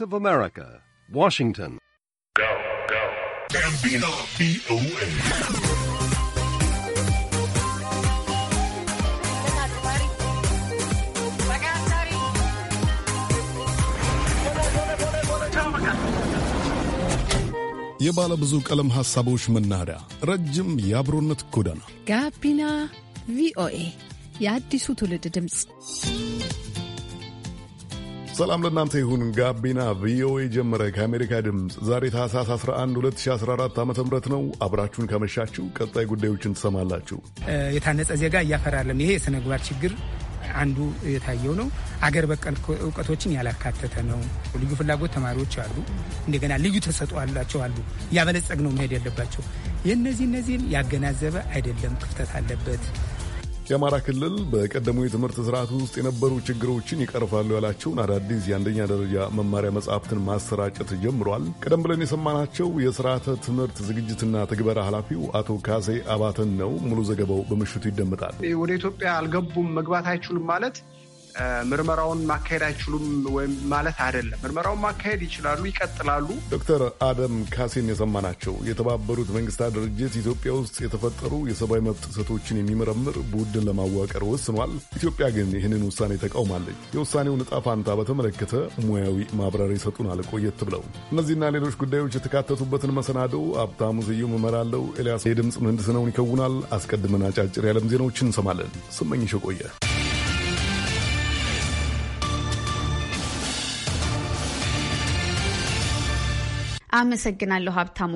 of America, Washington. Go, go. Gambino VOA. የባለ ብዙ ቀለም ሐሳቦች መናኸሪያ፣ ረጅም የአብሮነት ጎዳና፣ ጋቢና ቪኦኤ፣ የአዲሱ ትውልድ ድምፅ ሰላም ለእናንተ ይሁን። ጋቢና ቪኦኤ ጀመረ። ከአሜሪካ ድምፅ ዛሬ ታህሳስ 11 2014 ዓ ም ነው። አብራችሁን ካመሻችሁ ቀጣይ ጉዳዮችን ትሰማላችሁ። የታነጸ ዜጋ እያፈራለም። ይሄ የሥነ ምግባር ችግር አንዱ የታየው ነው። አገር በቀል እውቀቶችን ያላካተተ ነው። ልዩ ፍላጎት ተማሪዎች አሉ። እንደገና ልዩ ተሰጥኦ አላቸው አሉ። ያበለጸግ ነው መሄድ ያለባቸው የእነዚህ እነዚህን ያገናዘበ አይደለም። ክፍተት አለበት። የአማራ ክልል በቀደሙ የትምህርት ስርዓት ውስጥ የነበሩ ችግሮችን ይቀርፋሉ ያላቸውን አዳዲስ የአንደኛ ደረጃ መማሪያ መጽሐፍትን ማሰራጨት ጀምሯል። ቀደም ብለን የሰማናቸው የስርዓተ ትምህርት ዝግጅትና ትግበራ ኃላፊው አቶ ካሴ አባተን ነው። ሙሉ ዘገባው በምሽቱ ይደመጣል። ወደ ኢትዮጵያ አልገቡም መግባት አይችሉም ማለት ምርመራውን ማካሄድ አይችሉም ወይም ማለት አይደለም። ምርመራውን ማካሄድ ይችላሉ፣ ይቀጥላሉ። ዶክተር አደም ካሴን ናቸው የተባበሩት መንግስታት ድርጅት ኢትዮጵያ ውስጥ የተፈጠሩ የሰብአዊ መብት ጥሰቶችን የሚመረምር ቡድን ለማዋቀር ወስኗል። ኢትዮጵያ ግን ይህንን ውሳኔ ተቃውማለች። የውሳኔውን እጣ ፋንታ በተመለከተ ሙያዊ ማብራሪያ ይሰጡናል ቆየት ብለው። እነዚህና ሌሎች ጉዳዮች የተካተቱበትን መሰናዶ ሀብታሙ ስዩም እመራለሁ። ኤልያስ የድምፅ ምህንድስናውን ይከውናል። አስቀድመን አጫጭር የዓለም ዜናዎችን እንሰማለን። ስመኝሽ ቆየ አመሰግናለሁ ሀብታሙ።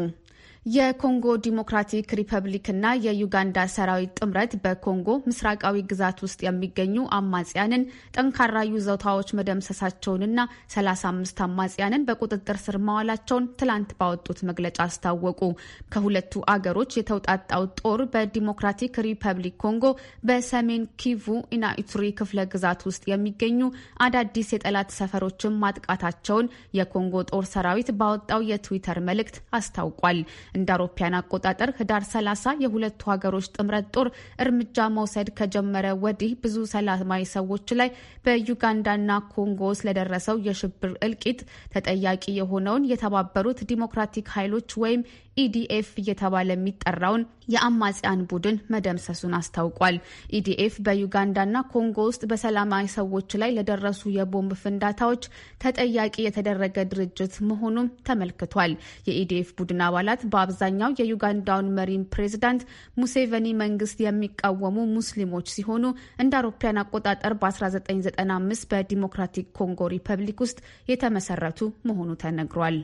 የኮንጎ ዲሞክራቲክ ሪፐብሊክና የዩጋንዳ ሰራዊት ጥምረት በኮንጎ ምስራቃዊ ግዛት ውስጥ የሚገኙ አማጽያንን ጠንካራ ይዞታዎች መደምሰሳቸውንና 35 አማጽያንን በቁጥጥር ስር ማዋላቸውን ትላንት ባወጡት መግለጫ አስታወቁ። ከሁለቱ አገሮች የተውጣጣው ጦር በዲሞክራቲክ ሪፐብሊክ ኮንጎ በሰሜን ኪቩ ኢናኢቱሪ ክፍለ ግዛት ውስጥ የሚገኙ አዳዲስ የጠላት ሰፈሮችን ማጥቃታቸውን የኮንጎ ጦር ሰራዊት ባወጣው የትዊተር መልእክት አስታውቋል። እንደ አውሮፓያን አቆጣጠር ህዳር 30 የሁለቱ ሀገሮች ጥምረት ጦር እርምጃ መውሰድ ከጀመረ ወዲህ ብዙ ሰላማዊ ሰዎች ላይ በዩጋንዳና ኮንጎ ስለደረሰው የሽብር እልቂት ተጠያቂ የሆነውን የተባበሩት ዲሞክራቲክ ኃይሎች ወይም ኢዲኤፍ እየተባለ የሚጠራውን የአማጽያን ቡድን መደምሰሱን አስታውቋል። ኢዲኤፍ በዩጋንዳና ኮንጎ ውስጥ በሰላማዊ ሰዎች ላይ ለደረሱ የቦምብ ፍንዳታዎች ተጠያቂ የተደረገ ድርጅት መሆኑም ተመልክቷል። የኢዲኤፍ ቡድን አባላት በአብዛኛው የዩጋንዳውን መሪን ፕሬዚዳንት ሙሴቨኒ መንግስት የሚቃወሙ ሙስሊሞች ሲሆኑ እንደ አውሮፓውያን አቆጣጠር በ1995 በዲሞክራቲክ ኮንጎ ሪፐብሊክ ውስጥ የተመሰረቱ መሆኑ ተነግሯል።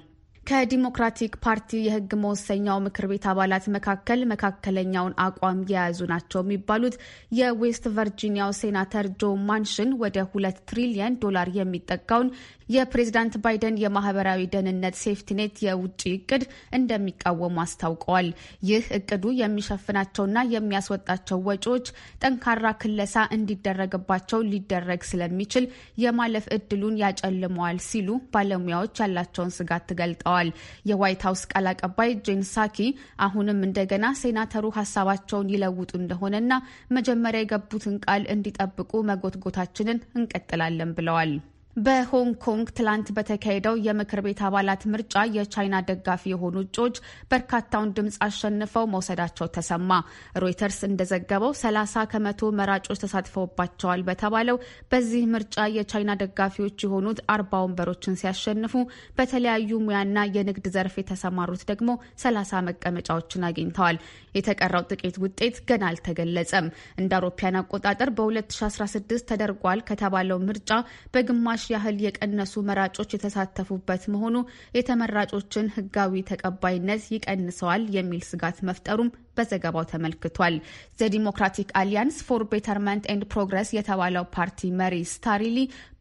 ከዲሞክራቲክ ፓርቲ የህግ መወሰኛው ምክር ቤት አባላት መካከል መካከለኛውን አቋም የያዙ ናቸው የሚባሉት የዌስት ቨርጂኒያው ሴናተር ጆ ማንሽን ወደ ሁለት ትሪሊየን ዶላር የሚጠጋውን የፕሬዝዳንት ባይደን የማህበራዊ ደህንነት ሴፍቲኔት የውጭ እቅድ እንደሚቃወሙ አስታውቀዋል። ይህ እቅዱ የሚሸፍናቸውና የሚያስወጣቸው ወጪዎች ጠንካራ ክለሳ እንዲደረግባቸው ሊደረግ ስለሚችል የማለፍ እድሉን ያጨልመዋል ሲሉ ባለሙያዎች ያላቸውን ስጋት ገልጠዋል። የዋይት ሀውስ ቃል አቀባይ ጄን ሳኪ አሁንም እንደገና ሴናተሩ ሀሳባቸውን ይለውጡ እንደሆነና መጀመሪያ የገቡትን ቃል እንዲጠብቁ መጎትጎታችንን እንቀጥላለን ብለዋል። በሆንግ ኮንግ ትላንት በተካሄደው የምክር ቤት አባላት ምርጫ የቻይና ደጋፊ የሆኑ እጩዎች በርካታውን ድምፅ አሸንፈው መውሰዳቸው ተሰማ። ሮይተርስ እንደዘገበው 30 ከመቶ መራጮች ተሳትፈውባቸዋል በተባለው በዚህ ምርጫ የቻይና ደጋፊዎች የሆኑት አርባ ወንበሮችን ሲያሸንፉ በተለያዩ ሙያና የንግድ ዘርፍ የተሰማሩት ደግሞ 30 መቀመጫዎችን አግኝተዋል። የተቀረው ጥቂት ውጤት ገና አልተገለጸም። እንደ አውሮፓያን አቆጣጠር በ2016 ተደርጓል ከተባለው ምርጫ በግማሽ ከግማሽ ያህል የቀነሱ መራጮች የተሳተፉበት መሆኑ የተመራጮችን ሕጋዊ ተቀባይነት ይቀንሰዋል የሚል ስጋት መፍጠሩም በዘገባው ተመልክቷል። ዘ ዲሞክራቲክ አሊያንስ ፎር ቤተርመንት ኤንድ ፕሮግረስ የተባለው ፓርቲ መሪ ስታሪሊ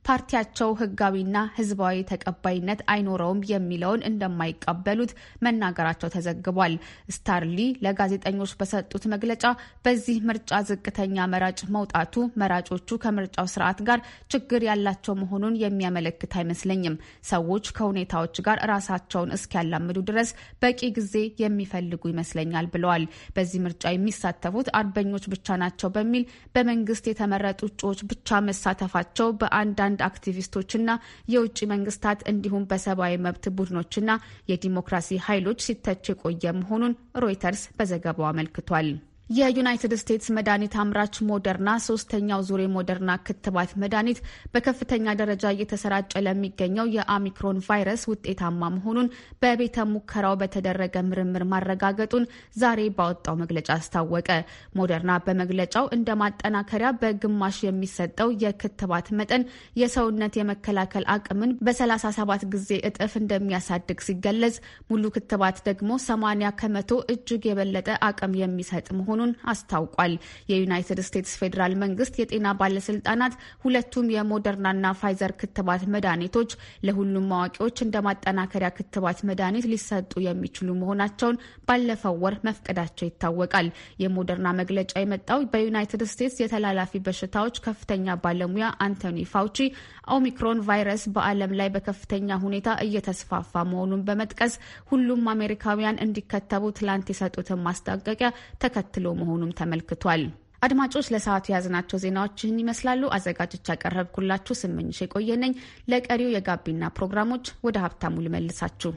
ፓርቲያቸው ሕጋዊና ሕዝባዊ ተቀባይነት አይኖረውም የሚለውን እንደማይቀበሉት መናገራቸው ተዘግቧል። ስታርሊ ለጋዜጠኞች በሰጡት መግለጫ በዚህ ምርጫ ዝቅተኛ መራጭ መውጣቱ መራጮቹ ከምርጫው ስርዓት ጋር ችግር ያላቸው መሆኑን የሚያመለክት አይመስለኝም። ሰዎች ከሁኔታዎች ጋር ራሳቸውን እስኪያላምዱ ድረስ በቂ ጊዜ የሚፈልጉ ይመስለኛል ብለዋል። በዚህ ምርጫ የሚሳተፉት አርበኞች ብቻ ናቸው በሚል በመንግስት የተመረጡ እጩዎች ብቻ መሳተፋቸው በአንዳንድ የአንዳንድ አክቲቪስቶችና የውጭ መንግስታት እንዲሁም በሰብአዊ መብት ቡድኖችና የዲሞክራሲ ኃይሎች ሲተች የቆየ መሆኑን ሮይተርስ በዘገባው አመልክቷል። የዩናይትድ ስቴትስ መድኃኒት አምራች ሞደርና ሶስተኛው ዙር ሞደርና ክትባት መድኃኒት በከፍተኛ ደረጃ እየተሰራጨ ለሚገኘው የኦሚክሮን ቫይረስ ውጤታማ መሆኑን በቤተ ሙከራው በተደረገ ምርምር ማረጋገጡን ዛሬ ባወጣው መግለጫ አስታወቀ። ሞደርና በመግለጫው እንደ ማጠናከሪያ በግማሽ የሚሰጠው የክትባት መጠን የሰውነት የመከላከል አቅምን በ37 ጊዜ እጥፍ እንደሚያሳድግ ሲገለጽ ሙሉ ክትባት ደግሞ 80 ከመቶ እጅግ የበለጠ አቅም የሚሰጥ መሆኑ መሆኑን አስታውቋል። የዩናይትድ ስቴትስ ፌዴራል መንግስት የጤና ባለስልጣናት ሁለቱም የሞደርናና ፋይዘር ክትባት መድኃኒቶች ለሁሉም አዋቂዎች እንደ ማጠናከሪያ ክትባት መድኃኒት ሊሰጡ የሚችሉ መሆናቸውን ባለፈው ወር መፍቀዳቸው ይታወቃል። የሞደርና መግለጫ የመጣው በዩናይትድ ስቴትስ የተላላፊ በሽታዎች ከፍተኛ ባለሙያ አንቶኒ ፋውቺ ኦሚክሮን ቫይረስ በዓለም ላይ በከፍተኛ ሁኔታ እየተስፋፋ መሆኑን በመጥቀስ ሁሉም አሜሪካውያን እንዲከተቡ ትላንት የሰጡትን ማስጠንቀቂያ ተከትሎ ያለው መሆኑም ተመልክቷል። አድማጮች ለሰዓቱ የያዝናቸው ዜናዎች ይህን ይመስላሉ። አዘጋጆች ያቀረብኩላችሁ ስመኝሽ የቆየነኝ። ለቀሪው የጋቢና ፕሮግራሞች ወደ ሀብታሙ ልመልሳችሁ።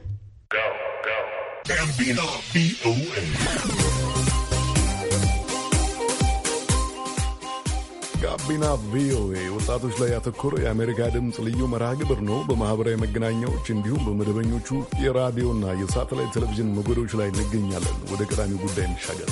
ጋቢና ቪኦኤ ወጣቶች ላይ ያተኮረ የአሜሪካ ድምፅ ልዩ መርሃ ግብር ነው። በማኅበራዊ መገናኛዎች እንዲሁም በመደበኞቹ የራዲዮና የሳተላይት ቴሌቪዥን ሞገዶች ላይ እንገኛለን። ወደ ቀዳሚው ጉዳይ እንሻገር።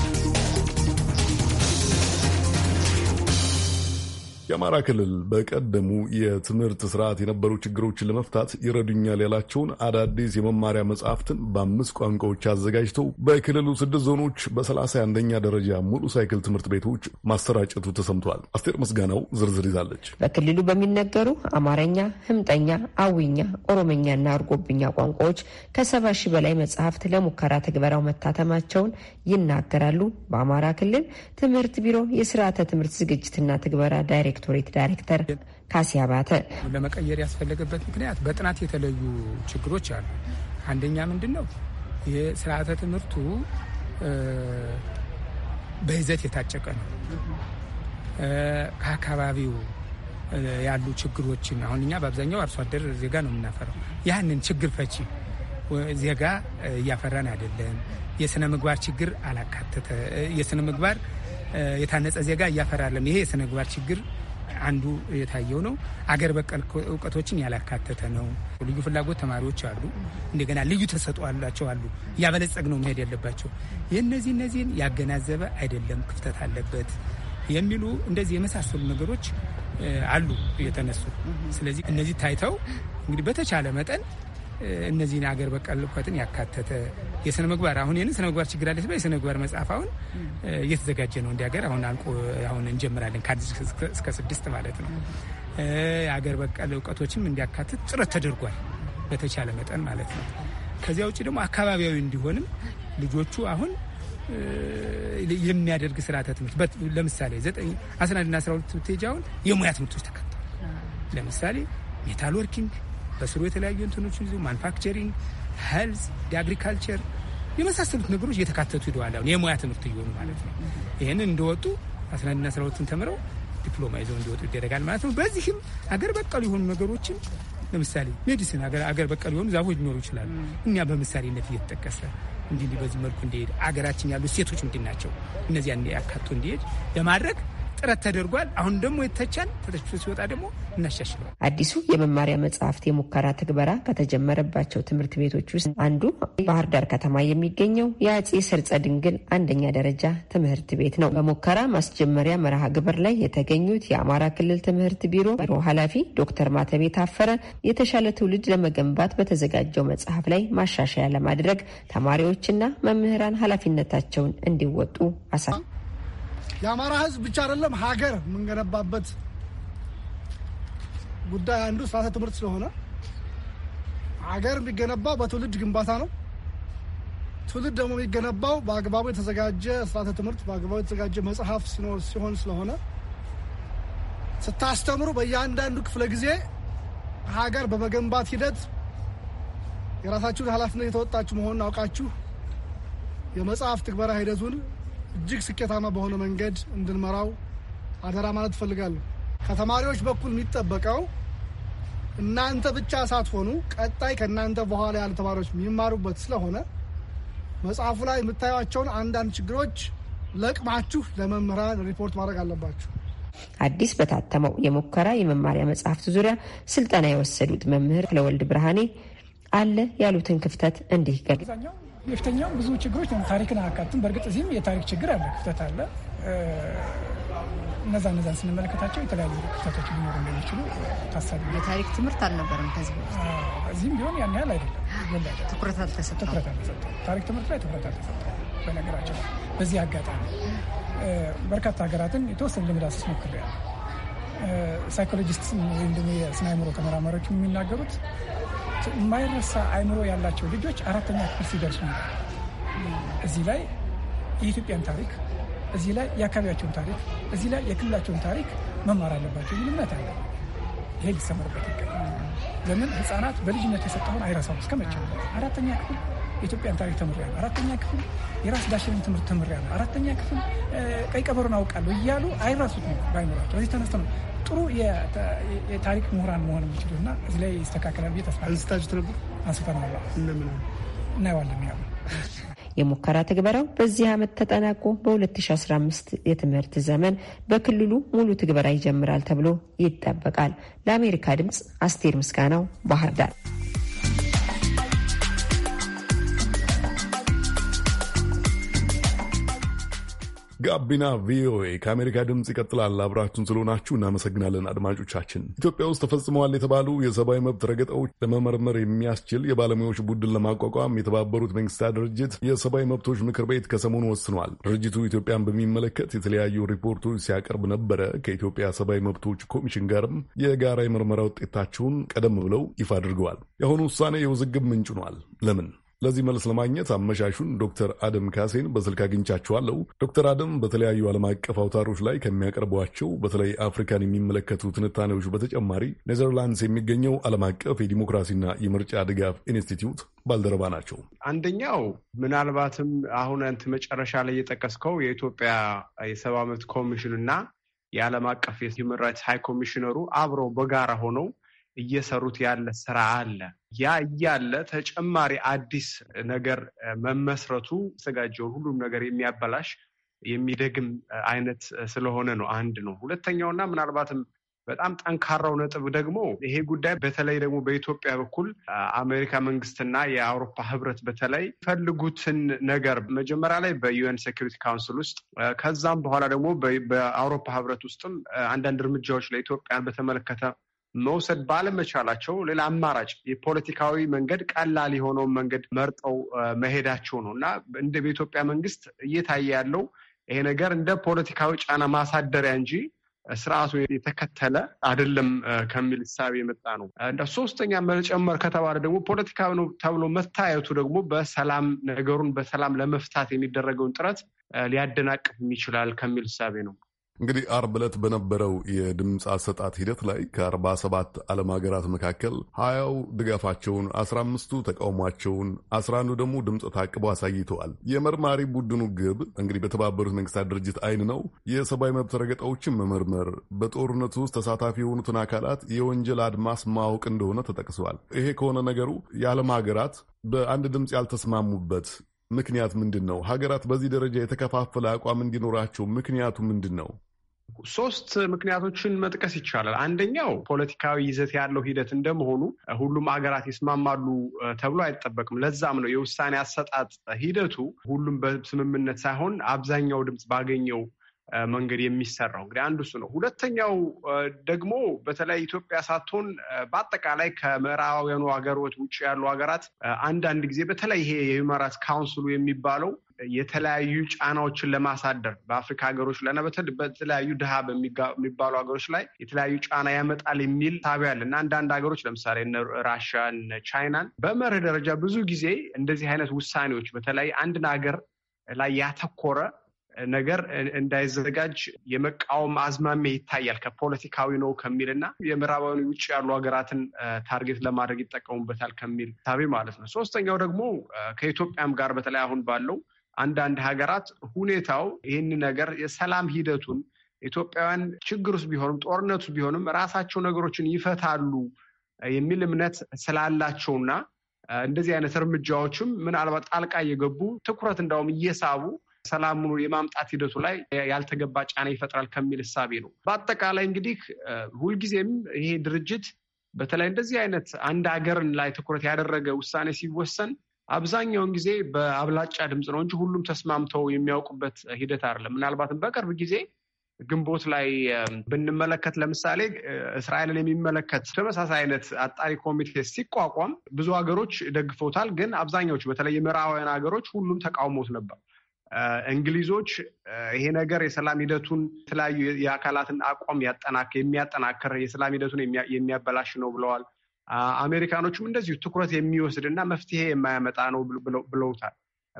የአማራ ክልል በቀደሙ የትምህርት ስርዓት የነበሩ ችግሮችን ለመፍታት ይረዱኛል ያላቸውን አዳዲስ የመማሪያ መጽሐፍትን በአምስት ቋንቋዎች አዘጋጅተው በክልሉ ስድስት ዞኖች በሰላሳ አንደኛ ደረጃ ሙሉ ሳይክል ትምህርት ቤቶች ማሰራጨቱ ተሰምቷል። አስቴር ምስጋናው ዝርዝር ይዛለች። በክልሉ በሚነገሩ አማርኛ፣ ህምጠኛ፣ አዊኛ፣ ኦሮምኛና እርጎብኛ ቋንቋዎች ከሰባ ሺህ በላይ መጽሐፍት ለሙከራ ትግበራው መታተማቸውን ይናገራሉ። በአማራ ክልል ትምህርት ቢሮ የስርዓተ ትምህርት ዝግጅትና ትግበራ ዳይሬክት ዳይሬክቶሬት ዳይሬክተር ካሴ አባተ ለመቀየር ያስፈለገበት ምክንያት በጥናት የተለዩ ችግሮች አሉ። አንደኛ ምንድን ነው የስርዓተ ትምህርቱ በይዘት የታጨቀ ነው። ከአካባቢው ያሉ ችግሮችን አሁን እኛ በአብዛኛው አርሶ አደር ዜጋ ነው የምናፈራው። ያንን ችግር ፈቺ ዜጋ እያፈራን አይደለም። የስነ ምግባር ችግር አላካተተ የስነ ምግባር የታነጸ ዜጋ እያፈራለም። ይሄ የስነ ምግባር ችግር አንዱ የታየው ነው። አገር በቀል እውቀቶችን ያላካተተ ነው። ልዩ ፍላጎት ተማሪዎች አሉ። እንደገና ልዩ ተሰጥኦ አላቸው አሉ። እያበለጸግ ነው መሄድ ያለባቸው የእነዚህ እነዚህን ያገናዘበ አይደለም፣ ክፍተት አለበት የሚሉ እንደዚህ የመሳሰሉ ነገሮች አሉ የተነሱ። ስለዚህ እነዚህ ታይተው እንግዲህ በተቻለ መጠን እነዚህን አገር በቀል እውቀትን ያካተተ የስነ ምግባር አሁን ይህን ስነ ምግባር ችግር አለ የስነ ምግባር መጽሐፍ አሁን እየተዘጋጀ ነው። እንዲ ሀገር አሁን አልቆ አሁን እንጀምራለን ከአንድ እስከ ስድስት ማለት ነው። አገር በቀል እውቀቶችም እንዲያካትት ጥረት ተደርጓል በተቻለ መጠን ማለት ነው። ከዚያ ውጭ ደግሞ አካባቢያዊ እንዲሆንም ልጆቹ አሁን የሚያደርግ ስርዓተ ትምህርት ለምሳሌ ዘጠኝ አስራ አንድና አስራ ሁለት ብትሄጂ አሁን የሙያ ትምህርቶች ተካተዋል። ለምሳሌ ሜታል ወርኪንግ በስሩ የተለያዩ እንትኖችን ይዞ ማንፋክቸሪንግ፣ ሄልዝ፣ የአግሪካልቸር የመሳሰሉት ነገሮች እየተካተቱ ሄደዋል። አሁን የሙያ ትምህርት እየሆኑ ማለት ነው። ይህንን እንደወጡ አስራ አንድና ተምረው ዲፕሎማ ይዘው እንዲወጡ ይደረጋል ማለት ነው። በዚህም አገር በቀሉ የሆኑ ነገሮችን ለምሳሌ ሜዲሲን አገር በቀሉ የሆኑ ዛፎች ሊኖሩ ይችላሉ። እኛ በምሳሌነት እየተጠቀሰ እንዲህ በዚህ መልኩ እንዲሄድ አገራችን ያሉ ሴቶች ምንድን ናቸው እነዚያ ያካቶ እንዲሄድ ለማድረግ ጥረት ተደርጓል። አሁን ደግሞ የተቻል ተተችቶ ሲወጣ ደግሞ እናሻሽለዋል። አዲሱ የመማሪያ መጽሐፍት የሙከራ ትግበራ ከተጀመረባቸው ትምህርት ቤቶች ውስጥ አንዱ ባህር ዳር ከተማ የሚገኘው የአጼ ሰርጸ ድንግል አንደኛ ደረጃ ትምህርት ቤት ነው። በሙከራ ማስጀመሪያ መርሃ ግብር ላይ የተገኙት የአማራ ክልል ትምህርት ቢሮ ቢሮ ኃላፊ ዶክተር ማተቤ ታፈረ የተሻለ ትውልድ ለመገንባት በተዘጋጀው መጽሐፍ ላይ ማሻሻያ ለማድረግ ተማሪዎችና መምህራን ኃላፊነታቸውን እንዲወጡ አሳ የአማራ ህዝብ ብቻ አይደለም ሀገር የምንገነባበት ጉዳይ አንዱ ስርዓተ ትምህርት ስለሆነ ሀገር የሚገነባው በትውልድ ግንባታ ነው። ትውልድ ደግሞ የሚገነባው በአግባቡ የተዘጋጀ ስርዓተ ትምህርት፣ በአግባቡ የተዘጋጀ መጽሐፍ ሲሆን ስለሆነ ስታስተምሩ በእያንዳንዱ ክፍለ ጊዜ ሀገር በመገንባት ሂደት የራሳችሁን ኃላፊነት የተወጣችሁ መሆኑን አውቃችሁ የመጽሐፍ ትግበራ ሂደቱን እጅግ ስኬታማ በሆነ መንገድ እንድንመራው አደራ ማለት እፈልጋለሁ። ከተማሪዎች በኩል የሚጠበቀው እናንተ ብቻ ሳትሆኑ ቀጣይ ከእናንተ በኋላ ያሉ ተማሪዎች የሚማሩበት ስለሆነ መጽሐፉ ላይ የምታዩቸውን አንዳንድ ችግሮች ለቅማችሁ ለመምህራን ሪፖርት ማድረግ አለባችሁ። አዲስ በታተመው የሙከራ የመማሪያ መጽሐፍት ዙሪያ ስልጠና የወሰዱት መምህር ለወልድ ብርሃኔ አለ ያሉትን ክፍተት እንዲህ ገል። የፊተኛውም ብዙ ችግሮች ታሪክን አካትም። በእርግጥ እዚህም የታሪክ ችግር አለ፣ ክፍተት አለ። እነዛ እነዛን ስንመለከታቸው የተለያዩ ክፍተቶች ሊኖሩ እንደሚችሉ ታሳቢ የታሪክ ትምህርት አልነበረም። ከዚህ እዚህም ቢሆን ያን ያህል አይደለም፣ ትኩረት አልተሰጠው። ታሪክ ትምህርት ላይ ትኩረት አልተሰጠው። በነገራቸው በዚህ አጋጣሚ በርካታ ሀገራትን የተወሰነ ለመዳሰስ ሞክሬያለሁ። ሳይኮሎጂስት ወይም ደግሞ የስነ አእምሮ ተመራማሪዎች የሚናገሩት የማይረሳ አእምሮ ያላቸው ልጆች አራተኛ ክፍል ሲደርሱ ነበር። እዚህ ላይ የኢትዮጵያን ታሪክ፣ እዚህ ላይ የአካባቢያቸውን ታሪክ፣ እዚህ ላይ የክልላቸውን ታሪክ መማር አለባቸው የሚል እምነት አለ። ይሄ ሊሰመርበት ይገባል። ለምን ህፃናት በልጅነት የሰጠውን አይረሳም እስከ መቼ። አራተኛ ክፍል የኢትዮጵያን ታሪክ ተምሬያለሁ። አራተኛ ክፍል የራስ ዳሽን ትምህርት ተምሬያለሁ። አራተኛ ክፍል ቀይ ቀበሮን አውቃለሁ እያሉ አይረሱት ነው ባይኖራቸው። በዚህ ተነስተ ነው ጥሩ የታሪክ ምሁራን መሆን የሚችሉ እና እዚህ ላይ ይስተካከላል ብዬ ተስፋ አንስታችሁት ነበር አንስተናል። እናየዋለን ያሉ የሙከራ ትግበራው በዚህ ዓመት ተጠናቆ በ2015 የትምህርት ዘመን በክልሉ ሙሉ ትግበራ ይጀምራል ተብሎ ይጠበቃል። ለአሜሪካ ድምፅ አስቴር ምስጋናው ባህር ዳር። ጋቢና ቪኦኤ ከአሜሪካ ድምፅ ይቀጥላል። አብራችሁን ስለሆናችሁ እናመሰግናለን። አድማጮቻችን፣ ኢትዮጵያ ውስጥ ተፈጽመዋል የተባሉ የሰብአዊ መብት ረገጣዎች ለመመርመር የሚያስችል የባለሙያዎች ቡድን ለማቋቋም የተባበሩት መንግስታት ድርጅት የሰብአዊ መብቶች ምክር ቤት ከሰሞኑ ወስኗል። ድርጅቱ ኢትዮጵያን በሚመለከት የተለያዩ ሪፖርቶች ሲያቀርብ ነበረ። ከኢትዮጵያ ሰብአዊ መብቶች ኮሚሽን ጋርም የጋራ የምርመራ ውጤታቸውን ቀደም ብለው ይፋ አድርገዋል። የአሁኑ ውሳኔ የውዝግብ ምንጭ ሆኗል። ለምን? ለዚህ መልስ ለማግኘት አመሻሹን ዶክተር አደም ካሴን በስልክ አግኝቻቸዋለሁ። ዶክተር አደም በተለያዩ ዓለም አቀፍ አውታሮች ላይ ከሚያቀርቧቸው በተለይ አፍሪካን የሚመለከቱ ትንታኔዎች በተጨማሪ ኔዘርላንድስ የሚገኘው ዓለም አቀፍ የዲሞክራሲና የምርጫ ድጋፍ ኢንስቲትዩት ባልደረባ ናቸው። አንደኛው ምናልባትም አሁን አንተ መጨረሻ ላይ የጠቀስከው የኢትዮጵያ የሰብአዊ መብት ኮሚሽን እና የዓለም አቀፍ የሂውመን ራይትስ ሃይ ኮሚሽነሩ አብረው በጋራ ሆነው እየሰሩት ያለ ስራ አለ። ያ እያለ ተጨማሪ አዲስ ነገር መመስረቱ የተዘጋጀውን ሁሉም ነገር የሚያበላሽ የሚደግም አይነት ስለሆነ ነው። አንድ ነው። ሁለተኛውና ምናልባትም በጣም ጠንካራው ነጥብ ደግሞ ይሄ ጉዳይ በተለይ ደግሞ በኢትዮጵያ በኩል አሜሪካ መንግስትና የአውሮፓ ህብረት በተለይ ፈልጉትን ነገር መጀመሪያ ላይ በዩኤን ሴኩሪቲ ካውንስል ውስጥ ከዛም በኋላ ደግሞ በአውሮፓ ህብረት ውስጥም አንዳንድ እርምጃዎች ለኢትዮጵያን በተመለከተ መውሰድ ባለመቻላቸው ሌላ አማራጭ የፖለቲካዊ መንገድ ቀላል የሆነውን መንገድ መርጠው መሄዳቸው ነው እና እንደ በኢትዮጵያ መንግስት እየታየ ያለው ይሄ ነገር እንደ ፖለቲካዊ ጫና ማሳደሪያ እንጂ ስርዓቱ የተከተለ አይደለም ከሚል ሳቢ የመጣ ነው። እንደ ሶስተኛ መጨመር ከተባለ ደግሞ ፖለቲካዊ ነው ተብሎ መታየቱ ደግሞ በሰላም ነገሩን በሰላም ለመፍታት የሚደረገውን ጥረት ሊያደናቅፍ ይችላል ከሚል ሳቢ ነው። እንግዲህ አርብ ዕለት በነበረው የድምፅ አሰጣት ሂደት ላይ ከ47 ዓለም ሀገራት መካከል ሀያው ድጋፋቸውን፣ 15ቱ ተቃውሟቸውን፣ 11ዱ ደግሞ ድምፅ ታቅበው አሳይተዋል። የመርማሪ ቡድኑ ግብ እንግዲህ በተባበሩት መንግስታት ድርጅት አይን ነው የሰብአዊ መብት ረገጣዎችን መመርመር፣ በጦርነቱ ውስጥ ተሳታፊ የሆኑትን አካላት የወንጀል አድማስ ማወቅ እንደሆነ ተጠቅሰዋል። ይሄ ከሆነ ነገሩ የዓለም ሀገራት በአንድ ድምፅ ያልተስማሙበት ምክንያት ምንድን ነው? ሀገራት በዚህ ደረጃ የተከፋፈለ አቋም እንዲኖራቸው ምክንያቱ ምንድን ነው? ሶስት ምክንያቶችን መጥቀስ ይቻላል። አንደኛው ፖለቲካዊ ይዘት ያለው ሂደት እንደመሆኑ ሁሉም ሀገራት ይስማማሉ ተብሎ አይጠበቅም። ለዛም ነው የውሳኔ አሰጣጥ ሂደቱ ሁሉም በስምምነት ሳይሆን አብዛኛው ድምፅ ባገኘው መንገድ የሚሰራው እንግዲህ አንዱ እሱ ነው። ሁለተኛው ደግሞ በተለይ ኢትዮጵያ ሳትሆን በአጠቃላይ ከምዕራባውያኑ ሀገሮች ውጭ ያሉ ሀገራት አንዳንድ ጊዜ በተለይ ይሄ የሂውማን ራይትስ ካውንስሉ የሚባለው የተለያዩ ጫናዎችን ለማሳደር በአፍሪካ ሀገሮች ላይ እና በተለያዩ ድሃ በሚባሉ ሀገሮች ላይ የተለያዩ ጫና ያመጣል የሚል ሳቢያ አለ እና አንዳንድ ሀገሮች ለምሳሌ እነ ቻይናን በመርህ ደረጃ ብዙ ጊዜ እንደዚህ አይነት ውሳኔዎች በተለይ አንድን ሀገር ላይ ያተኮረ ነገር እንዳይዘጋጅ የመቃወም አዝማሚያ ይታያል። ከፖለቲካዊ ነው ከሚል እና የምዕራባዊ ውጭ ያሉ ሀገራትን ታርጌት ለማድረግ ይጠቀሙበታል ከሚል ሳቢ ማለት ነው። ሶስተኛው ደግሞ ከኢትዮጵያም ጋር በተለይ አሁን ባለው አንዳንድ ሀገራት ሁኔታው ይህን ነገር የሰላም ሂደቱን ኢትዮጵያውያን ችግር ውስጥ ቢሆንም ጦርነቱ ቢሆንም ራሳቸው ነገሮችን ይፈታሉ የሚል እምነት ስላላቸውና እንደዚህ አይነት እርምጃዎችም ምናልባት ጣልቃ እየገቡ ትኩረት እንዳውም እየሳቡ ሰላሙን የማምጣት ሂደቱ ላይ ያልተገባ ጫና ይፈጥራል ከሚል እሳቤ ነው። በአጠቃላይ እንግዲህ ሁልጊዜም ይሄ ድርጅት በተለይ እንደዚህ አይነት አንድ ሀገርን ላይ ትኩረት ያደረገ ውሳኔ ሲወሰን አብዛኛውን ጊዜ በአብላጫ ድምፅ ነው እንጂ ሁሉም ተስማምተው የሚያውቁበት ሂደት አይደለም። ምናልባትም በቅርብ ጊዜ ግንቦት ላይ ብንመለከት ለምሳሌ እስራኤልን የሚመለከት ተመሳሳይ አይነት አጣሪ ኮሚቴ ሲቋቋም ብዙ ሀገሮች ደግፈውታል። ግን አብዛኛዎቹ በተለይ የምዕራባውያን ሀገሮች ሁሉም ተቃውሞት ነበር። እንግሊዞች ይሄ ነገር የሰላም ሂደቱን የተለያዩ የአካላትን አቋም የሚያጠናክር የሰላም ሂደቱን የሚያበላሽ ነው ብለዋል። አሜሪካኖቹም እንደዚሁ ትኩረት የሚወስድ እና መፍትሄ የማያመጣ ነው ብለውታል።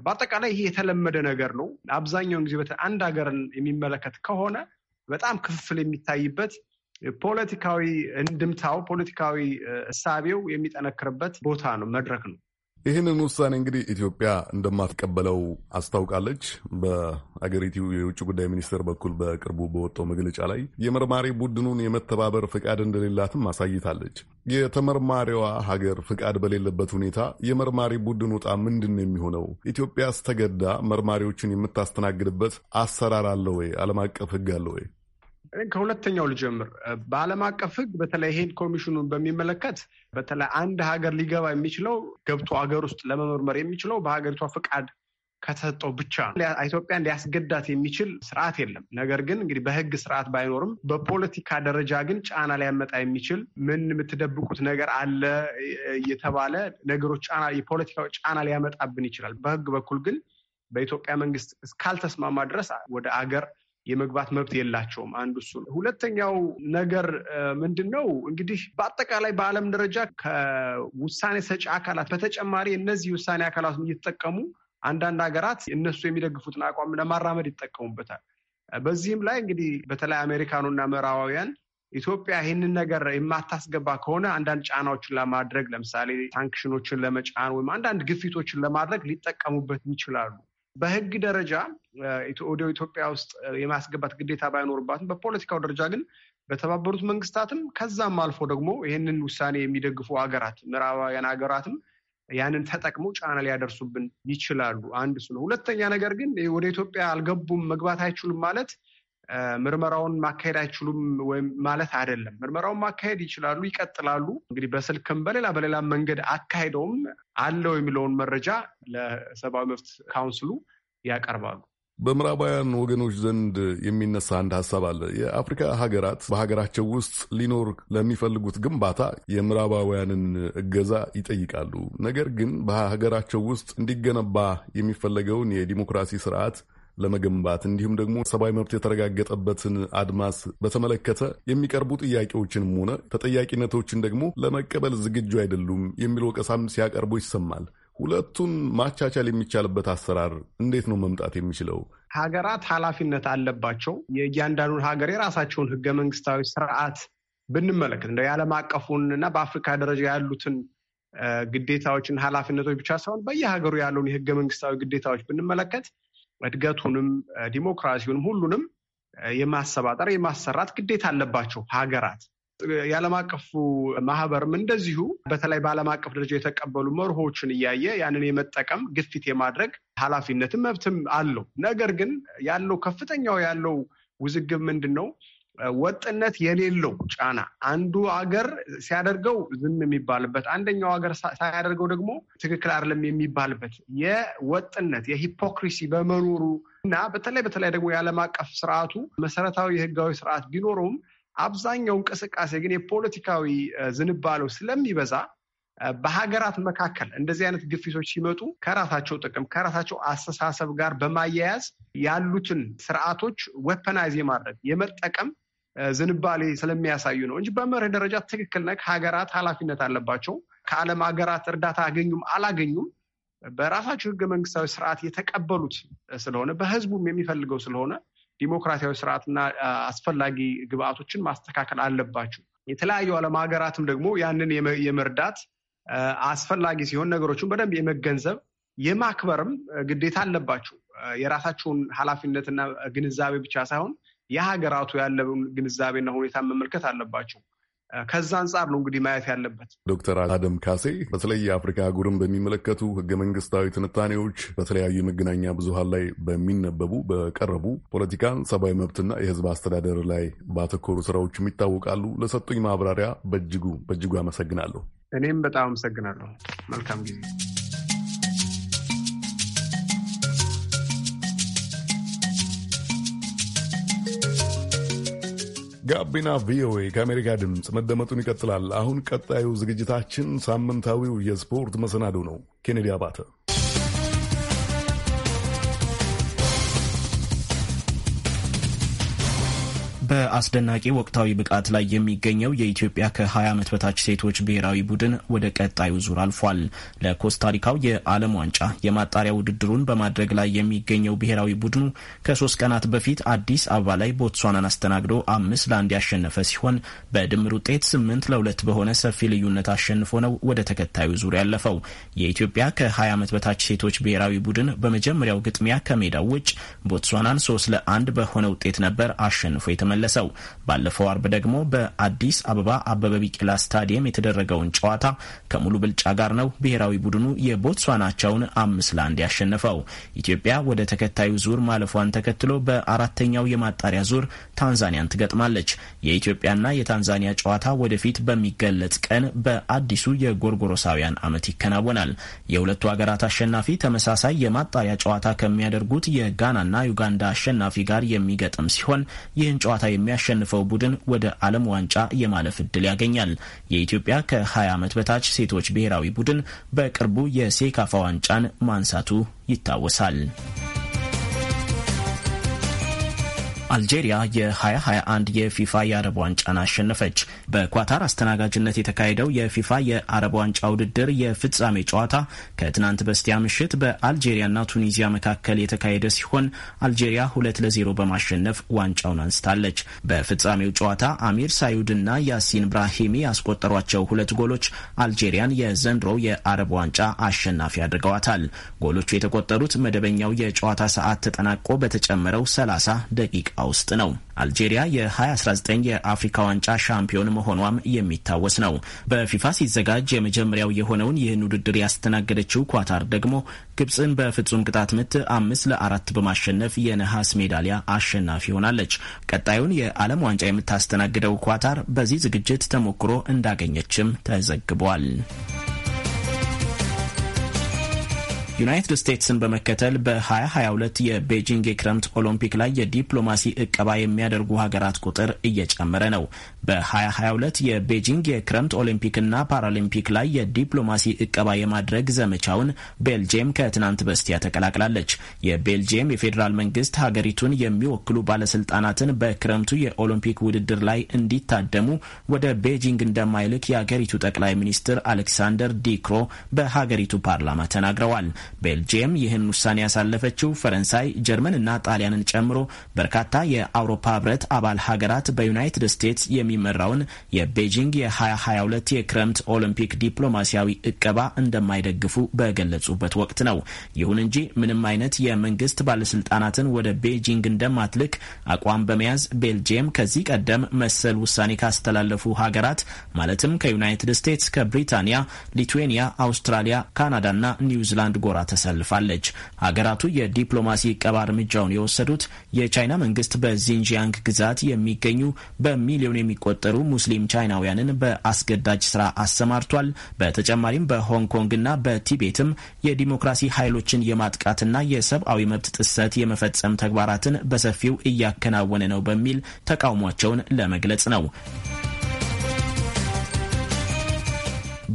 በአጠቃላይ ይሄ የተለመደ ነገር ነው። አብዛኛውን ጊዜ አንድ ሀገርን የሚመለከት ከሆነ በጣም ክፍፍል የሚታይበት ፖለቲካዊ እንድምታው ፖለቲካዊ እሳቤው የሚጠነክርበት ቦታ ነው፣ መድረክ ነው። ይህንን ውሳኔ እንግዲህ ኢትዮጵያ እንደማትቀበለው አስታውቃለች። በአገሪቱ የውጭ ጉዳይ ሚኒስቴር በኩል በቅርቡ በወጣው መግለጫ ላይ የመርማሪ ቡድኑን የመተባበር ፍቃድ እንደሌላትም አሳይታለች። የተመርማሪዋ ሀገር ፍቃድ በሌለበት ሁኔታ የመርማሪ ቡድን ውጣ ምንድን ነው የሚሆነው? ኢትዮጵያ ስተገዳ መርማሪዎችን የምታስተናግድበት አሰራር አለ ወይ? ዓለም አቀፍ ሕግ አለ ወይ? ከሁለተኛው ልጀምር። በዓለም አቀፍ ሕግ በተለይ ይሄን ኮሚሽኑን በሚመለከት በተለይ አንድ ሀገር ሊገባ የሚችለው ገብቶ ሀገር ውስጥ ለመመርመር የሚችለው በሀገሪቷ ፈቃድ ከተሰጠው ብቻ ኢትዮጵያን ሊያስገዳት የሚችል ስርዓት የለም። ነገር ግን እንግዲህ በህግ ስርዓት ባይኖርም በፖለቲካ ደረጃ ግን ጫና ሊያመጣ የሚችል ምን የምትደብቁት ነገር አለ እየተባለ ነገሮች ጫና የፖለቲካ ጫና ሊያመጣብን ይችላል። በህግ በኩል ግን በኢትዮጵያ መንግስት እስካልተስማማ ድረስ ወደ አገር የመግባት መብት የላቸውም። አንዱ እሱ ነው። ሁለተኛው ነገር ምንድን ነው እንግዲህ በአጠቃላይ በዓለም ደረጃ ከውሳኔ ሰጪ አካላት በተጨማሪ እነዚህ ውሳኔ አካላት እየተጠቀሙ አንዳንድ ሀገራት እነሱ የሚደግፉትን አቋም ለማራመድ ይጠቀሙበታል። በዚህም ላይ እንግዲህ በተለይ አሜሪካኑና ምዕራባውያን ኢትዮጵያ ይህንን ነገር የማታስገባ ከሆነ አንዳንድ ጫናዎችን ለማድረግ ለምሳሌ ሳንክሽኖችን ለመጫን ወይም አንዳንድ ግፊቶችን ለማድረግ ሊጠቀሙበት ይችላሉ። በህግ ደረጃ ወደ ኢትዮጵያ ውስጥ የማስገባት ግዴታ ባይኖርባትም በፖለቲካው ደረጃ ግን በተባበሩት መንግስታትም ከዛም አልፎ ደግሞ ይህንን ውሳኔ የሚደግፉ ሀገራት ምዕራባውያን ሀገራትም ያንን ተጠቅመው ጫና ሊያደርሱብን ይችላሉ። አንድ እሱ ነው። ሁለተኛ ነገር ግን ወደ ኢትዮጵያ አልገቡም መግባት አይችሉም ማለት ምርመራውን ማካሄድ አይችሉም ወይም ማለት አይደለም። ምርመራውን ማካሄድ ይችላሉ፣ ይቀጥላሉ። እንግዲህ በስልክም በሌላ በሌላ መንገድ አካሂደውም አለው የሚለውን መረጃ ለሰብአዊ መብት ካውንስሉ ያቀርባሉ። በምዕራባውያን ወገኖች ዘንድ የሚነሳ አንድ ሀሳብ አለ። የአፍሪካ ሀገራት በሀገራቸው ውስጥ ሊኖር ለሚፈልጉት ግንባታ የምዕራባውያንን እገዛ ይጠይቃሉ። ነገር ግን በሀገራቸው ውስጥ እንዲገነባ የሚፈለገውን የዲሞክራሲ ስርዓት ለመገንባት እንዲሁም ደግሞ ሰብአዊ መብት የተረጋገጠበትን አድማስ በተመለከተ የሚቀርቡ ጥያቄዎችንም ሆነ ተጠያቂነቶችን ደግሞ ለመቀበል ዝግጁ አይደሉም የሚል ወቀሳም ሲያቀርቡ ይሰማል። ሁለቱን ማቻቻል የሚቻልበት አሰራር እንዴት ነው መምጣት የሚችለው? ሀገራት ኃላፊነት አለባቸው። የእያንዳንዱን ሀገር የራሳቸውን ህገ መንግስታዊ ስርዓት ብንመለከት እንደ የዓለም አቀፉን እና በአፍሪካ ደረጃ ያሉትን ግዴታዎችን ኃላፊነቶች ብቻ ሳይሆን በየሀገሩ ያለውን የህገ መንግስታዊ ግዴታዎች ብንመለከት እድገቱንም ዲሞክራሲውንም ሁሉንም የማሰባጠር የማሰራት ግዴታ አለባቸው ሀገራት። የዓለም አቀፉ ማህበርም እንደዚሁ በተለይ በዓለም አቀፍ ደረጃ የተቀበሉ መርሆችን እያየ ያንን የመጠቀም ግፊት የማድረግ ኃላፊነትም መብትም አለው። ነገር ግን ያለው ከፍተኛው ያለው ውዝግብ ምንድን ነው? ወጥነት የሌለው ጫና አንዱ አገር ሲያደርገው ዝም የሚባልበት፣ አንደኛው ሀገር ሳያደርገው ደግሞ ትክክል አይደለም የሚባልበት የወጥነት የሂፖክሪሲ በመኖሩ እና በተለይ በተለይ ደግሞ የዓለም አቀፍ ስርዓቱ መሰረታዊ የህጋዊ ስርዓት ቢኖረውም አብዛኛው እንቅስቃሴ ግን የፖለቲካዊ ዝንባሌው ስለሚበዛ በሀገራት መካከል እንደዚህ አይነት ግፊቶች ሲመጡ ከራሳቸው ጥቅም ከራሳቸው አስተሳሰብ ጋር በማያያዝ ያሉትን ስርዓቶች ወፐናይዝ የማድረግ የመጠቀም ዝንባሌ ስለሚያሳዩ ነው እንጂ በመርህ ደረጃ ትክክል ነህ። ሀገራት ኃላፊነት አለባቸው። ከዓለም ሀገራት እርዳታ አገኙም አላገኙም በራሳቸው ህገ መንግስታዊ ስርዓት የተቀበሉት ስለሆነ በህዝቡም የሚፈልገው ስለሆነ ዲሞክራሲያዊ ስርዓትና አስፈላጊ ግብአቶችን ማስተካከል አለባቸው። የተለያዩ ዓለም ሀገራትም ደግሞ ያንን የመርዳት አስፈላጊ ሲሆን ነገሮችን በደንብ የመገንዘብ የማክበርም ግዴታ አለባቸው። የራሳቸውን ኃላፊነትና ግንዛቤ ብቻ ሳይሆን የሀገራቱ ያለውን ግንዛቤና ሁኔታ መመልከት አለባቸው። ከዛ አንጻር ነው እንግዲህ ማየት ያለበት። ዶክተር አደም ካሴ በተለይ የአፍሪካ አህጉርን በሚመለከቱ ህገ መንግስታዊ ትንታኔዎች በተለያዩ የመገናኛ ብዙሃን ላይ በሚነበቡ በቀረቡ ፖለቲካን፣ ሰብአዊ መብትና የህዝብ አስተዳደር ላይ ባተኮሩ ስራዎች ይታወቃሉ። ለሰጡኝ ማብራሪያ በእጅጉ በእጅጉ አመሰግናለሁ። እኔም በጣም አመሰግናለሁ። መልካም ጊዜ ጋቢና ቪኦኤ ከአሜሪካ ድምፅ መደመጡን ይቀጥላል። አሁን ቀጣዩ ዝግጅታችን ሳምንታዊው የስፖርት መሰናዶ ነው። ኬኔዲ አባተ በአስደናቂ ወቅታዊ ብቃት ላይ የሚገኘው የኢትዮጵያ ከ20 ዓመት በታች ሴቶች ብሔራዊ ቡድን ወደ ቀጣዩ ዙር አልፏል። ለኮስታሪካው የዓለም ዋንጫ የማጣሪያ ውድድሩን በማድረግ ላይ የሚገኘው ብሔራዊ ቡድኑ ከሶስት ቀናት በፊት አዲስ አበባ ላይ ቦትሷናን አስተናግዶ አምስት ለአንድ ያሸነፈ ሲሆን በድምር ውጤት ስምንት ለሁለት በሆነ ሰፊ ልዩነት አሸንፎ ነው ወደ ተከታዩ ዙር ያለፈው። የኢትዮጵያ ከ20 ዓመት በታች ሴቶች ብሔራዊ ቡድን በመጀመሪያው ግጥሚያ ከሜዳው ውጭ ቦትሷናን ሶስት ለአንድ በሆነ ውጤት ነበር አሸንፎ የተመለ የተመለሰው። ባለፈው አርብ ደግሞ በአዲስ አበባ አበበ ቢቂላ ስታዲየም የተደረገውን ጨዋታ ከሙሉ ብልጫ ጋር ነው ብሔራዊ ቡድኑ የቦትስዋናቸውን አምስት ለአንድ ያሸነፈው። ኢትዮጵያ ወደ ተከታዩ ዙር ማለፏን ተከትሎ በአራተኛው የማጣሪያ ዙር ታንዛኒያን ትገጥማለች። የኢትዮጵያና የታንዛኒያ ጨዋታ ወደፊት በሚገለጽ ቀን በአዲሱ የጎርጎሮሳውያን ዓመት ይከናወናል። የሁለቱ ሀገራት አሸናፊ ተመሳሳይ የማጣሪያ ጨዋታ ከሚያደርጉት የጋናና ዩጋንዳ አሸናፊ ጋር የሚገጥም ሲሆን ይህን ጨዋታ የሚያሸንፈው ቡድን ወደ ዓለም ዋንጫ የማለፍ እድል ያገኛል። የኢትዮጵያ ከ20 ዓመት በታች ሴቶች ብሔራዊ ቡድን በቅርቡ የሴካፋ ዋንጫን ማንሳቱ ይታወሳል። አልጄሪያ የ2021 የፊፋ የአረብ ዋንጫን አሸነፈች። በኳታር አስተናጋጅነት የተካሄደው የፊፋ የአረብ ዋንጫ ውድድር የፍጻሜ ጨዋታ ከትናንት በስቲያ ምሽት በአልጄሪያና ቱኒዚያ መካከል የተካሄደ ሲሆን አልጄሪያ ሁለት ለዜሮ በማሸነፍ ዋንጫውን አንስታለች። በፍጻሜው ጨዋታ አሚር ሳዩድና ያሲን ብራሂሚ ያስቆጠሯቸው ሁለት ጎሎች አልጄሪያን የዘንድሮ የአረብ ዋንጫ አሸናፊ አድርገዋታል። ጎሎቹ የተቆጠሩት መደበኛው የጨዋታ ሰዓት ተጠናቆ በተጨመረው 30 ደቂቃ ውስጥ ነው። አልጄሪያ የ2019 የአፍሪካ ዋንጫ ሻምፒዮን መሆኗም የሚታወስ ነው። በፊፋ ሲዘጋጅ የመጀመሪያው የሆነውን ይህን ውድድር ያስተናገደችው ኳታር ደግሞ ግብፅን በፍጹም ቅጣት ምት አምስት ለአራት በማሸነፍ የነሐስ ሜዳሊያ አሸናፊ ሆናለች። ቀጣዩን የዓለም ዋንጫ የምታስተናግደው ኳታር በዚህ ዝግጅት ተሞክሮ እንዳገኘችም ተዘግቧል። ዩናይትድ ስቴትስን በመከተል በ2022 የቤጂንግ የክረምት ኦሎምፒክ ላይ የዲፕሎማሲ እቀባ የሚያደርጉ ሀገራት ቁጥር እየጨመረ ነው። በ2022 የቤጂንግ የክረምት ኦሊምፒክና ፓራሊምፒክ ላይ የዲፕሎማሲ እቀባ የማድረግ ዘመቻውን ቤልጅየም ከትናንት በስቲያ ተቀላቅላለች። የቤልጅየም የፌዴራል መንግስት ሀገሪቱን የሚወክሉ ባለስልጣናትን በክረምቱ የኦሎምፒክ ውድድር ላይ እንዲታደሙ ወደ ቤጂንግ እንደማይልክ የሀገሪቱ ጠቅላይ ሚኒስትር አሌክሳንደር ዲክሮ በሀገሪቱ ፓርላማ ተናግረዋል። ቤልጅየም ይህን ውሳኔ ያሳለፈችው ፈረንሳይ፣ ጀርመንና ጣሊያንን ጨምሮ በርካታ የአውሮፓ ህብረት አባል ሀገራት በዩናይትድ ስቴትስ የሚ የሚመራውን የቤጂንግ የ2022 የክረምት ኦሎምፒክ ዲፕሎማሲያዊ እቀባ እንደማይደግፉ በገለጹበት ወቅት ነው። ይሁን እንጂ ምንም አይነት የመንግስት ባለስልጣናትን ወደ ቤጂንግ እንደማትልክ አቋም በመያዝ ቤልጅየም ከዚህ ቀደም መሰል ውሳኔ ካስተላለፉ ሀገራት ማለትም ከዩናይትድ ስቴትስ፣ ከብሪታንያ፣ ሊትዌኒያ፣ አውስትራሊያ፣ ካናዳና ኒውዚላንድ ጎራ ተሰልፋለች። ሀገራቱ የዲፕሎማሲ እቀባ እርምጃውን የወሰዱት የቻይና መንግስት በዚንጂያንግ ግዛት የሚገኙ በሚሊዮን የሚቆጠሩ ሙስሊም ቻይናውያንን በአስገዳጅ ስራ አሰማርቷል። በተጨማሪም በሆንኮንግ ኮንግና በቲቤትም የዲሞክራሲ ኃይሎችን የማጥቃትና የሰብአዊ መብት ጥሰት የመፈጸም ተግባራትን በሰፊው እያከናወነ ነው በሚል ተቃውሟቸውን ለመግለጽ ነው።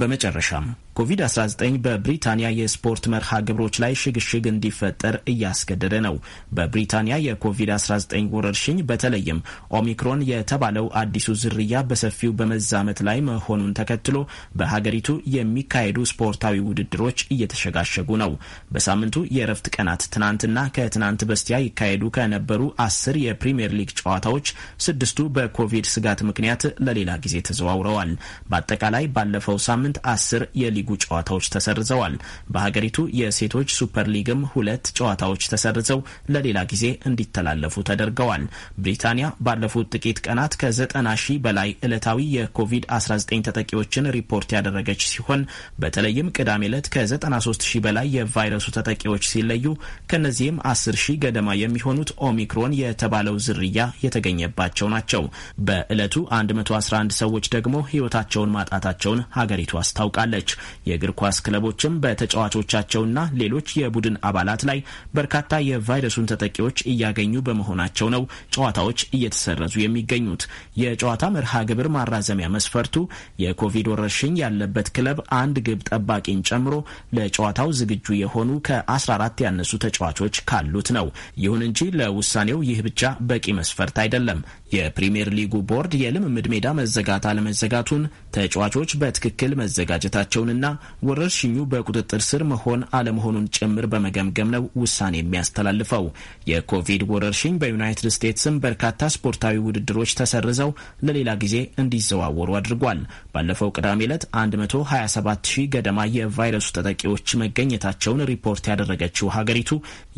በመጨረሻም ኮቪድ-19 በብሪታንያ የስፖርት መርሃ ግብሮች ላይ ሽግሽግ እንዲፈጠር እያስገደደ ነው። በብሪታንያ የኮቪድ-19 ወረርሽኝ በተለይም ኦሚክሮን የተባለው አዲሱ ዝርያ በሰፊው በመዛመት ላይ መሆኑን ተከትሎ በሀገሪቱ የሚካሄዱ ስፖርታዊ ውድድሮች እየተሸጋሸጉ ነው። በሳምንቱ የእረፍት ቀናት ትናንትና ከትናንት በስቲያ ይካሄዱ ከነበሩ አስር የፕሪምየር ሊግ ጨዋታዎች ስድስቱ በኮቪድ ስጋት ምክንያት ለሌላ ጊዜ ተዘዋውረዋል። በአጠቃላይ ባለፈው ሳምንት አስር የሊ ሊጉ ጨዋታዎች ተሰርዘዋል። በሀገሪቱ የሴቶች ሱፐር ሊግም ሁለት ጨዋታዎች ተሰርዘው ለሌላ ጊዜ እንዲተላለፉ ተደርገዋል። ብሪታንያ ባለፉት ጥቂት ቀናት ከዘጠና ሺህ በላይ ዕለታዊ የኮቪድ-19 ተጠቂዎችን ሪፖርት ያደረገች ሲሆን በተለይም ቅዳሜ ዕለት ከ93 ሺህ በላይ የቫይረሱ ተጠቂዎች ሲለዩ ከእነዚህም 10 ሺህ ገደማ የሚሆኑት ኦሚክሮን የተባለው ዝርያ የተገኘባቸው ናቸው። በዕለቱ 111 ሰዎች ደግሞ ሕይወታቸውን ማጣታቸውን ሀገሪቱ አስታውቃለች። የእግር ኳስ ክለቦችም በተጫዋቾቻቸውና ሌሎች የቡድን አባላት ላይ በርካታ የቫይረሱን ተጠቂዎች እያገኙ በመሆናቸው ነው ጨዋታዎች እየተሰረዙ የሚገኙት። የጨዋታ መርሃ ግብር ማራዘሚያ መስፈርቱ የኮቪድ ወረርሽኝ ያለበት ክለብ አንድ ግብ ጠባቂን ጨምሮ ለጨዋታው ዝግጁ የሆኑ ከ14 ያነሱ ተጫዋቾች ካሉት ነው። ይሁን እንጂ ለውሳኔው ይህ ብቻ በቂ መስፈርት አይደለም። የፕሪምየር ሊጉ ቦርድ የልምምድ ሜዳ መዘጋት አለመዘጋቱን፣ ተጫዋቾች በትክክል መዘጋጀታቸውንና መሆኑንና ወረርሽኙ በቁጥጥር ስር መሆን አለመሆኑን ጭምር በመገምገም ነው ውሳኔ የሚያስተላልፈው። የኮቪድ ወረርሽኝ በዩናይትድ ስቴትስም በርካታ ስፖርታዊ ውድድሮች ተሰርዘው ለሌላ ጊዜ እንዲዘዋወሩ አድርጓል። ባለፈው ቅዳሜ ዕለት 127 ሺህ ገደማ የቫይረሱ ተጠቂዎች መገኘታቸውን ሪፖርት ያደረገችው ሀገሪቱ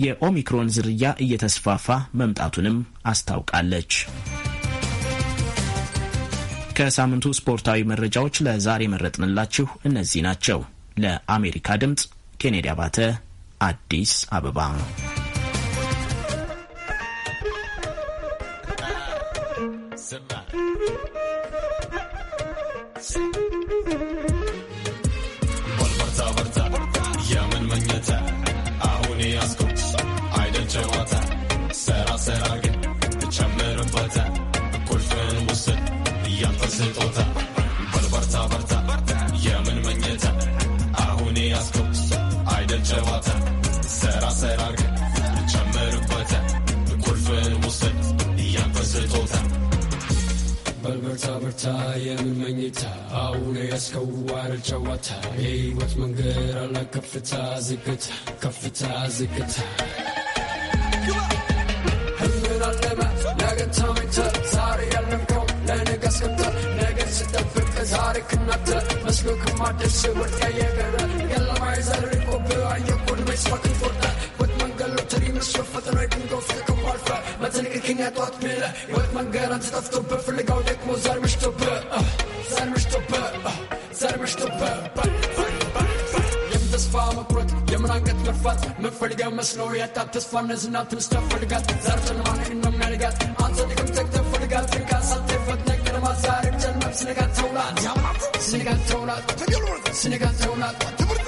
የኦሚክሮን ዝርያ እየተስፋፋ መምጣቱንም አስታውቃለች። ከሳምንቱ ስፖርታዊ መረጃዎች ለዛሬ መረጥንላችሁ እነዚህ ናቸው። ለአሜሪካ ድምፅ ኬኔዲ አባተ አዲስ አበባ። Somebody. በርታ የምን መኝታ ያስከዋር ጨዋታ የህይወት መንገድ አለ ከፍታ ዝግታ ከፍታ ዝግታ ዛሬ ክናተ መስሎ ክማደስ የገረ በትሪ ምስሸፈተና ድንጋው ፍልቅም አልፈ ጠዋት ብለ መንገራን ፍልጋው ደግሞ ዛር ምሽቶብህ ተስፋ መቁረጥ የምን አንገት መድፋት መፈልጋ መስለው ያጣት ተስፋ እነዝና ትንስ ተፈልጋት አንተ ተውላት ተውላት ተውላት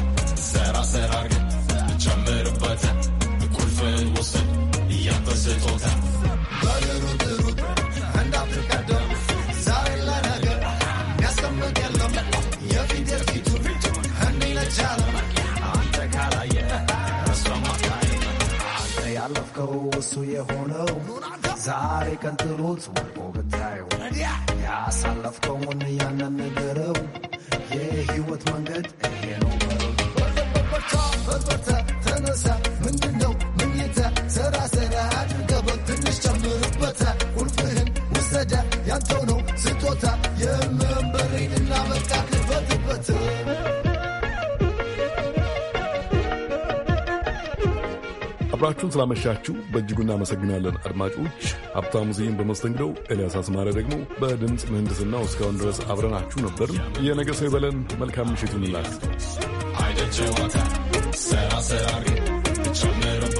ያፈቀሩ እሱ የሆነው ዛሬ ቀን ጥሎት ወድቆ ብታየው ያሳለፍከውን ያንን ንገረው የህይወት መንገድ አብራችሁን ስላመሻችሁ በእጅጉ እናመሰግናለን አድማጮች። ሀብታሙ ዚህም በመስተንግደው ኤልያስ አስማረ ደግሞ በድምፅ ምህንድስናው እስካሁን ድረስ አብረናችሁ ነበር። የነገ ሰው ይበለን። መልካም ምሽት ይንላል ሰራ ሰራሪ ጨምርበታል